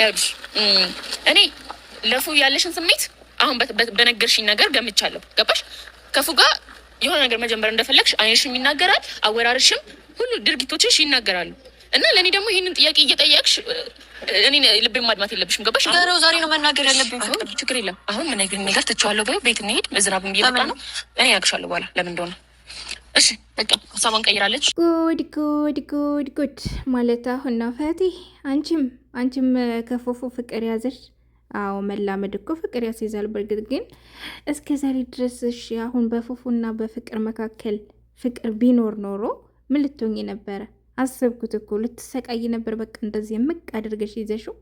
ይኸውልሽ እኔ ለፉ ያለሽን ስሜት አሁን በነገርሽኝ ነገር ገምቻለሁ። ገባሽ? ከፉ ጋር የሆነ ነገር መጀመር እንደፈለግሽ አይንሽም ይናገራል፣ አወራርሽም፣ ሁሉ ድርጊቶችሽ ይናገራሉ። እና ለእኔ ደግሞ ይህንን ጥያቄ እየጠየቅሽ እኔ ልቤ ማድማት የለብሽም። ገባሽ? ገረው ዛሬ ነው መናገር ያለብኝ። ችግር የለም። አሁን ምን ነገር ትችዋለሁ። ቤት እንሄድ፣ ዝናብ እየመጣ ነው። እኔ ያግሻለሁ በኋላ ለምን እንደሆነ እሺ በቃ ሀሳቧን ቀይራለች። ጉድ ጉድ ጉድ ጉድ ማለት አሁን ነው ፈቲ። አንቺም አንቺም ከፎፎ ፍቅር ያዘሽ። አዎ መላመድ እኮ ፍቅር ያስይዛል። በእርግጥ ግን እስከ ዛሬ ድረስ እሺ፣ አሁን በፉፉና በፍቅር መካከል ፍቅር ቢኖር ኖሮ ምን ልትሆኝ ነበረ? አሰብኩት እኮ ልትሰቃይ ነበር። በቃ እንደዚህ የምቅ አድርገሽ ይዘሽው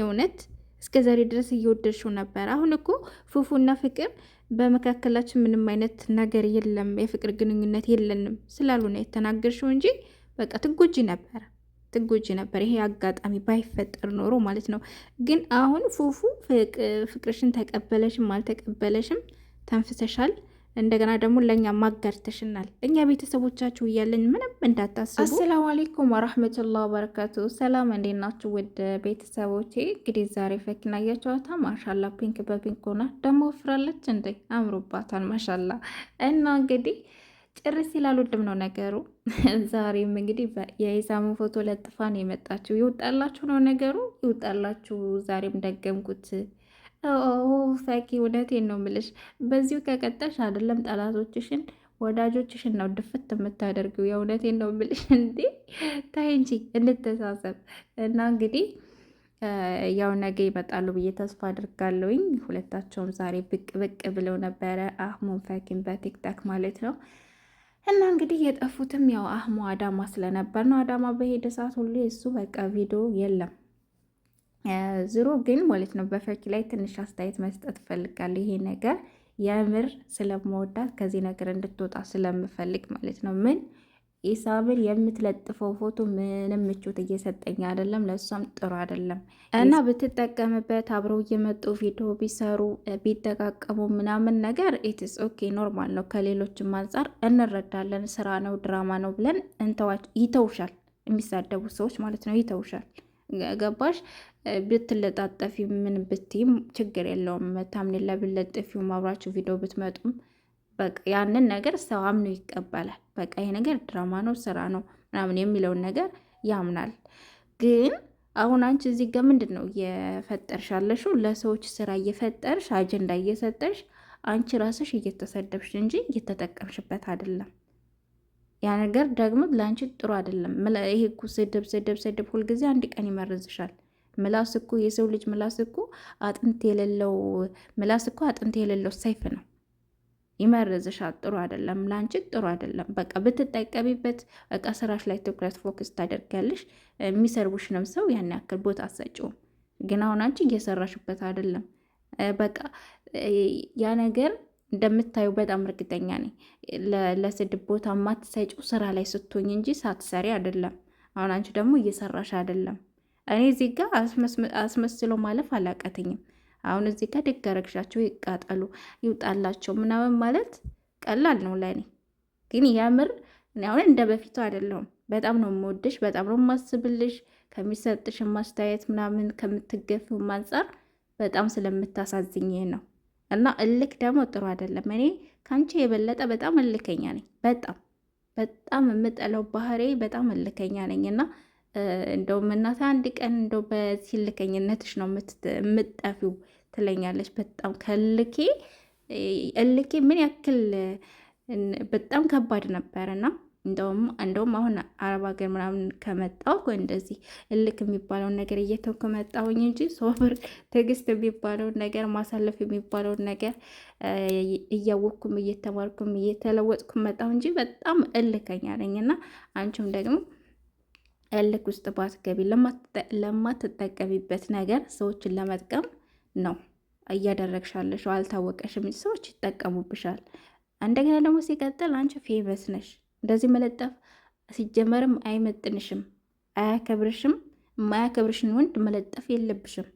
የእውነት እስከ ዛሬ ድረስ እየወደድሽው ነበር። አሁን እኮ ፉፉና ፍቅር በመካከላችን ምንም አይነት ነገር የለም፣ የፍቅር ግንኙነት የለንም ስላሉ ነው የተናገርሽው እንጂ በቃ ትጎጂ ነበር ትጎጂ ነበር። ይሄ አጋጣሚ ባይፈጠር ኖሮ ማለት ነው። ግን አሁን ፉፉ ፍቅርሽን ተቀበለሽም አልተቀበለሽም ተንፍሰሻል። እንደገና ደግሞ ለእኛ ማጋርተሽናል። እኛ ቤተሰቦቻችሁ እያለን ምንም እንዳታስቡ። አሰላሙ አሌይኩም ወራህመቱላ ወበረካቱ። ሰላም እንዴት ናችሁ ውድ ቤተሰቦቼ? እንግዲህ ዛሬ ፈኪና እያቸዋታ ማሻላ ፒንክ በፒንክ ሆና ደግሞ ወፍራለች እንዴ! አምሮባታል ማሻላ። እና እንግዲህ ጭርስ ይላል ውድም ነው ነገሩ። ዛሬም እንግዲህ የኢሳሙን ፎቶ ለጥፋን የመጣችው ይውጣላችሁ ነው ነገሩ። ይውጣላችሁ ዛሬም ደገምኩት ፈኪ እውነቴን ነው የምልሽ። በዚሁ ከቀጠልሽ አይደለም ጠላቶችሽን ወዳጆችሽን ነው ድፍት የምታደርገው የእውነቴን ነው የምልሽ። እንዲ ታይ እንጂ እንተሳሰብ እና እንግዲህ ያው ነገ ይመጣሉ ብዬ ተስፋ አድርጋለሁኝ። ሁለታቸውም ዛሬ ብቅ ብቅ ብለው ነበረ አህሙን ፈኪን በቲክታክ ማለት ነው። እና እንግዲህ የጠፉትም ያው አህሙ አዳማ ስለነበር ነው። አዳማ በሄደ ሰዓት ሁሉ የሱ በቃ ቪዲዮ የለም ዝሮ ግን ማለት ነው በፈኪ ላይ ትንሽ አስተያየት መስጠት እፈልጋለሁ። ይሄ ነገር የምር ስለመወዳት ከዚህ ነገር እንድትወጣ ስለምፈልግ ማለት ነው። ምን ኢሳምን የምትለጥፈው ፎቶ ምንም ምቾት እየሰጠኝ አይደለም፣ ለእሷም ጥሩ አይደለም እና ብትጠቀምበት አብረው እየመጡ ቪዲዮ ቢሰሩ ቢጠቃቀሙ ምናምን ነገር ኢትስ ኦኬ ኖርማል ነው። ከሌሎችም አንጻር እንረዳለን። ስራ ነው ድራማ ነው ብለን እንተዋች። ይተውሻል፣ የሚሳደቡ ሰዎች ማለት ነው ይተውሻል። ገባሽ ብትለጣጠፊ ምን ብትይም ችግር የለውም። ታምኔላ ብትለጥፊው ማብራችሁ ቪዲዮ ብትመጡም በቃ ያንን ነገር ሰው አምኖ ይቀበላል። በቃ ይሄ ነገር ድራማ ነው ስራ ነው ምናምን የሚለውን ነገር ያምናል። ግን አሁን አንቺ እዚህ ጋር ምንድን ነው እየፈጠርሽ ያለሽው? ለሰዎች ስራ እየፈጠርሽ አጀንዳ እየሰጠሽ አንቺ ራስሽ እየተሰደብሽ እንጂ እየተጠቀምሽበት አይደለም። ያ ነገር ደግሞ ለአንቺ ጥሩ አይደለም። ይሄ ስድብ ስድብ ስድብ ሁልጊዜ አንድ ቀን ይመርዝሻል። ምላስ እኮ የሰው ልጅ ምላስ እኮ አጥንት የሌለው ምላስ እኮ አጥንት የሌለው ሰይፍ ነው። ይመርዝሻል። ጥሩ አይደለም፣ ላንቺ ጥሩ አይደለም። በቃ ብትጠቀሚበት፣ በቃ ስራሽ ላይ ትኩረት ፎክስ ታደርጊያለሽ። የሚሰርቡሽንም ሰው ያን ያክል ቦታ አትሰጪውም። ግን አሁን አንቺ እየሰራሽበት አይደለም። በቃ ያ ነገር እንደምታዩ በጣም እርግጠኛ ነኝ። ለስድብ ቦታ የማትሰጪው ስራ ላይ ስትሆኝ እንጂ ሳትሰሪ አይደለም። አሁን አንቺ ደግሞ እየሰራሽ አይደለም። እኔ እዚህ ጋር አስመስሎ ማለፍ አላቀተኝም። አሁን እዚህ ጋር ደግ ይቃጠሉ ይውጣላቸው ምናምን ማለት ቀላል ነው ለእኔ። ግን ያምር እኔ አሁን እንደ በፊቱ አይደለሁም። በጣም ነው የምወድሽ፣ በጣም ነው የማስብልሽ። ከሚሰጥሽ ማስተያየት ምናምን ከምትገፊው አንጻር በጣም ስለምታሳዝኝ ነው። እና እልክ ደግሞ ጥሩ አይደለም። እኔ ከአንቺ የበለጠ በጣም እልከኛ ነኝ። በጣም በጣም የምጠለው ባህሪ በጣም እልከኛ ነኝ እና እንደውም እናት አንድ ቀን እንደው በዚህ ልከኝነትሽ ነው የምትጠፊው ትለኛለች። በጣም ከልኬ እልኬ ምን ያክል በጣም ከባድ ነበር ነበርና እንደውም አሁን አረብ ሀገር ምናምን ከመጣሁ እንደዚህ እልክ የሚባለውን ነገር እየተውኩ መጣሁኝ እንጂ ሶብር፣ ትዕግስት የሚባለውን ነገር ማሳለፍ የሚባለውን ነገር እያወቅኩም እየተማርኩም እየተለወጥኩም መጣሁ እንጂ በጣም እልከኛ ነኝና አንቺም ደግሞ እልክ ውስጥ ባትገቢ፣ ለማትጠቀሚበት ነገር ሰዎችን ለመጥቀም ነው እያደረግሻለሽ። አልታወቀሽም፣ ሰዎች ይጠቀሙብሻል። እንደገና ደግሞ ሲቀጥል አንቺ ፌመስ ነሽ። እንደዚህ መለጠፍ ሲጀመርም አይመጥንሽም፣ አያከብርሽም። የማያከብርሽን ወንድ መለጠፍ የለብሽም።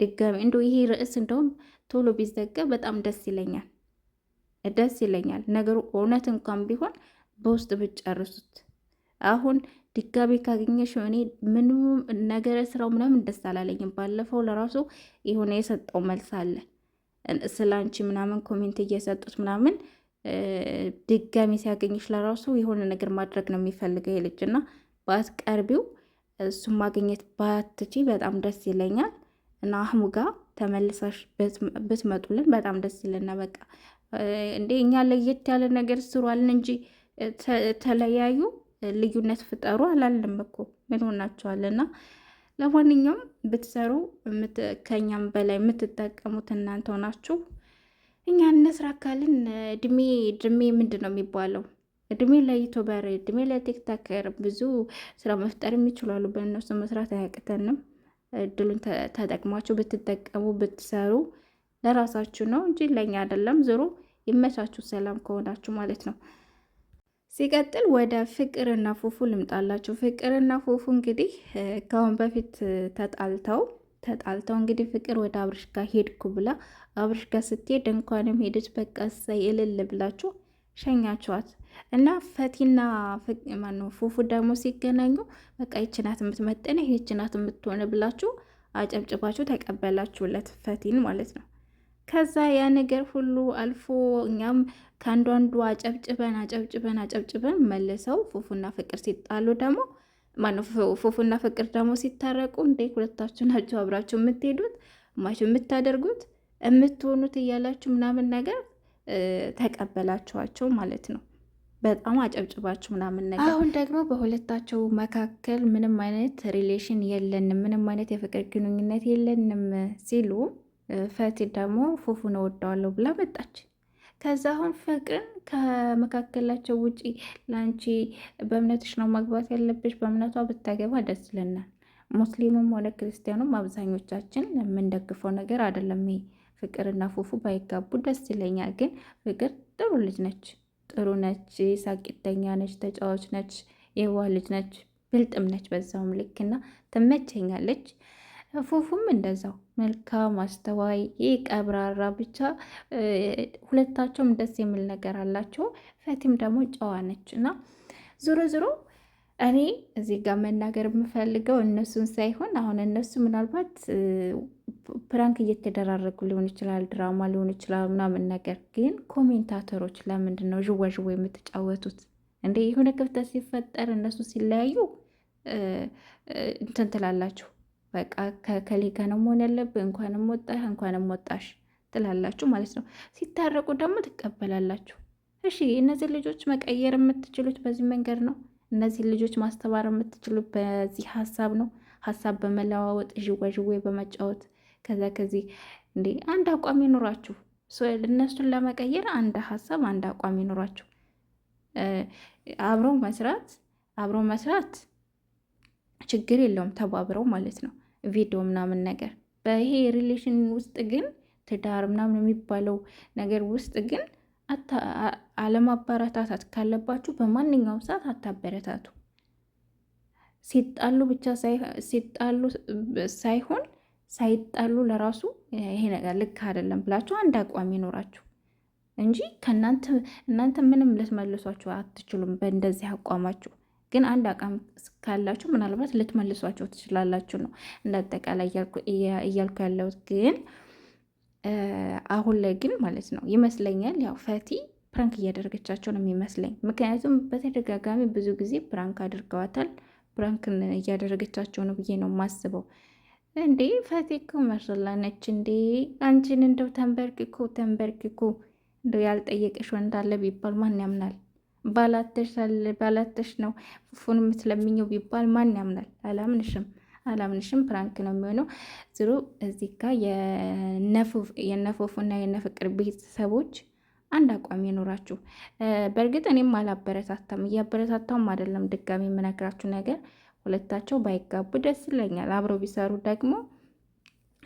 ድጋሚ እንደው ይሄ ርዕስ እንደውም ቶሎ ቢዘጋ በጣም ደስ ይለኛል፣ ደስ ይለኛል። ነገሩ እውነት እንኳን ቢሆን በውስጥ ብጨርሱት አሁን ድጋሚ ካገኘሽ እኔ ምንም ነገረ ስራው ምናምን ደስ አላለኝም። ባለፈው ለራሱ የሆነ የሰጠው መልስ አለ ስለ አንቺ ምናምን ኮሜንት እየሰጡት ምናምን ድጋሚ ሲያገኝሽ ለራሱ የሆነ ነገር ማድረግ ነው የሚፈልገው የልጅ እና ባትቀርቢው እሱን ማግኘት ባትቺ በጣም ደስ ይለኛል። እና አህሙ ጋር ተመልሳሽ ብትመጡልን በጣም ደስ ይለና በቃ እንዴ እኛ ለየት ያለ ነገር ስሯልን እንጂ ተለያዩ ልዩነት ፍጠሩ አላልንም እኮ ምን ሆናችኋል? እና ለማንኛውም ብትሰሩ ከኛም በላይ የምትጠቀሙት እናንተ ሆናችሁ እኛ እነስራ ካልን እድሜ እድሜ ምንድን ነው የሚባለው? እድሜ ለዩቱበር እድሜ ለቲክታከር ብዙ ስራ መፍጠር የሚችላሉ። በእነሱ መስራት አያቅተንም። እድሉን ተጠቅማችሁ ብትጠቀሙ ብትሰሩ ለራሳችሁ ነው እንጂ ለእኛ አይደለም። ዞሮ ይመቻችሁ፣ ሰላም ከሆናችሁ ማለት ነው። ሲቀጥል ወደ ፍቅርና ፉፉ ልምጣላችሁ። ፍቅርና ፉፉ እንግዲህ ከአሁን በፊት ተጣልተው ተጣልተው እንግዲህ ፍቅር ወደ አብርሽ ጋር ሄድኩ ብላ አብርሽ ጋር ስትሄድ እንኳንም ሄደች በቃ እሰይ እልል ብላችሁ ሸኛችኋት እና ፈቲና ማነ ፉፉ ደግሞ ሲገናኙ በቃ ይችናት የምትመጥን ይችናት የምትሆነ ብላችሁ አጨብጭባችሁ ተቀበላችሁለት ፈቲን ማለት ነው። ከዛ ያ ነገር ሁሉ አልፎ እኛም አንዱ አጨብጭበን አጨብጭበን አጨብጭበን መልሰው ፉፉና ፍቅር ሲጣሉ ደግሞ ማነው ፉፉና ፍቅር ደግሞ ሲታረቁ እንዴ ሁለታችሁ ናችሁ አብራችሁ የምትሄዱት ማችሁ የምታደርጉት የምትሆኑት እያላችሁ ምናምን ነገር ተቀበላችኋቸው ማለት ነው። በጣም አጨብጭባችሁ ምናምን ነገር። አሁን ደግሞ በሁለታቸው መካከል ምንም አይነት ሪሌሽን የለንም፣ ምንም አይነት የፍቅር ግንኙነት የለንም ሲሉ ፈቲ ደግሞ ፉፉን እወደዋለሁ ብላ መጣች። ከዛ አሁን ፍቅርን ከመካከላቸው ውጪ ለአንቺ በእምነትሽ ነው መግባት ያለብሽ፣ በእምነቷ ብታገባ ደስ ይለናል። ሙስሊሙም ሆነ ክርስቲያኑም አብዛኞቻችን የምንደግፈው ነገር አይደለም። ፍቅርና ፉፉ ባይጋቡ ደስ ይለኛል። ግን ፍቅር ጥሩ ልጅ ነች፣ ጥሩ ነች፣ ሳቂተኛ ነች፣ ተጫዋች ነች፣ የዋህ ልጅ ነች፣ ብልጥም ነች በዛውም ልክና ትመቸኛለች። ፉፉም እንደዛው መልካም አስተዋይ ቀብራራ፣ ብቻ ሁለታቸውም ደስ የሚል ነገር አላቸው። ፈቲም ደግሞ ጨዋ ነች እና ዞሮ ዞሮ እኔ እዚህ ጋር መናገር የምፈልገው እነሱን ሳይሆን አሁን እነሱ ምናልባት ፕራንክ እየተደራረጉ ሊሆን ይችላል፣ ድራማ ሊሆን ይችላል ምናምን። ነገር ግን ኮሜንታተሮች ለምንድን ነው ዥዋዥዌ የምትጫወቱት? እንደ የሆነ ክፍተት ሲፈጠር እነሱ ሲለያዩ እንትን ትላላችሁ በቃ ከከሌ ጋ ነው መሆን ያለብህ፣ እንኳንም ወጣህ እንኳንም ወጣሽ ትላላችሁ ማለት ነው። ሲታረቁ ደግሞ ትቀበላላችሁ። እሺ እነዚህ ልጆች መቀየር የምትችሉት በዚህ መንገድ ነው። እነዚህ ልጆች ማስተባር የምትችሉት በዚህ ሀሳብ ነው። ሀሳብ በመለዋወጥ ዥዋዥዌ በመጫወት ከዛ ከዚህ እንዴ አንድ አቋም ይኑራችሁ። እነሱን ለመቀየር አንድ ሀሳብ አንድ አቋም ይኑራችሁ። አብረው መስራት አብረው መስራት ችግር የለውም ተባብረው ማለት ነው። ቪዲዮ ምናምን ነገር በይሄ ሪሌሽን ውስጥ ግን ትዳር ምናምን የሚባለው ነገር ውስጥ ግን አለማበረታታት ካለባችሁ በማንኛውም ሰዓት አታበረታቱ። ሲጣሉ ብቻ ሲጣሉ ሳይሆን ሳይጣሉ ለራሱ ይሄ ነገር ልክ አይደለም ብላችሁ አንድ አቋም ይኖራችሁ እንጂ ከእናንተ እናንተ ምንም ልትመልሷችሁ አትችሉም በእንደዚህ አቋማችሁ። ግን አንድ አቋም ካላችሁ ምናልባት ልትመልሷቸው ትችላላችሁ ነው እንደ አጠቃላይ እያልኩ ያለሁት። ግን አሁን ላይ ግን ማለት ነው ይመስለኛል ያው ፈቲ ፕራንክ እያደረገቻቸው ነው የሚመስለኝ። ምክንያቱም በተደጋጋሚ ብዙ ጊዜ ፕራንክ አድርገዋታል። ፕራንክን እያደረገቻቸው ነው ብዬ ነው የማስበው። እንዴ ፈቲ እኮ መርላ እንዴ! አንቺን እንደው ተንበርክኮ ተንበርክኮ እንደው ያልጠየቀሽ ወንድ አለ ቢባል ማን ያምናል? ባላተሽ ነው ፉን የምትለምኘው ቢባል ማን ያምናል? አላምንሽም አላምንሽም ፕራንክ ነው የሚሆነው። ዝሩ እዚህ ጋ የነፎፉና የነፍቅር ቤተሰቦች አንድ አቋም ይኖራችሁ። በእርግጥ እኔም አላበረታታም እያበረታታውም አይደለም። ድጋሚ የምነግራችሁ ነገር ሁለታቸው ባይጋቡ ደስ ይለኛል። አብረው ቢሰሩ ደግሞ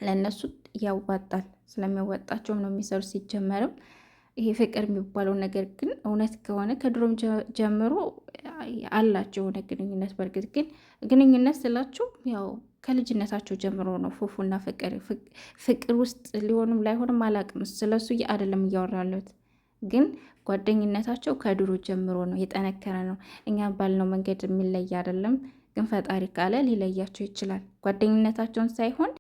ለእነሱ ያዋጣል። ስለሚያዋጣቸውም ነው የሚሰሩ ሲጀመርም ይሄ ፍቅር የሚባለው ነገር ግን እውነት ከሆነ ከድሮም ጀምሮ አላቸው የሆነ ግንኙነት። በእርግጥ ግን ግንኙነት ስላችሁ ያው ከልጅነታቸው ጀምሮ ነው። ፉፉና ፍቅር ፍቅር ውስጥ ሊሆኑም ላይሆንም አላቅም። ስለሱ አይደለም እያወራለት ግን ጓደኝነታቸው ከድሮ ጀምሮ ነው የጠነከረ ነው። እኛ ባልነው መንገድ የሚለይ አይደለም። ግን ፈጣሪ ካለ ሊለያቸው ይችላል። ጓደኝነታቸውን ሳይሆን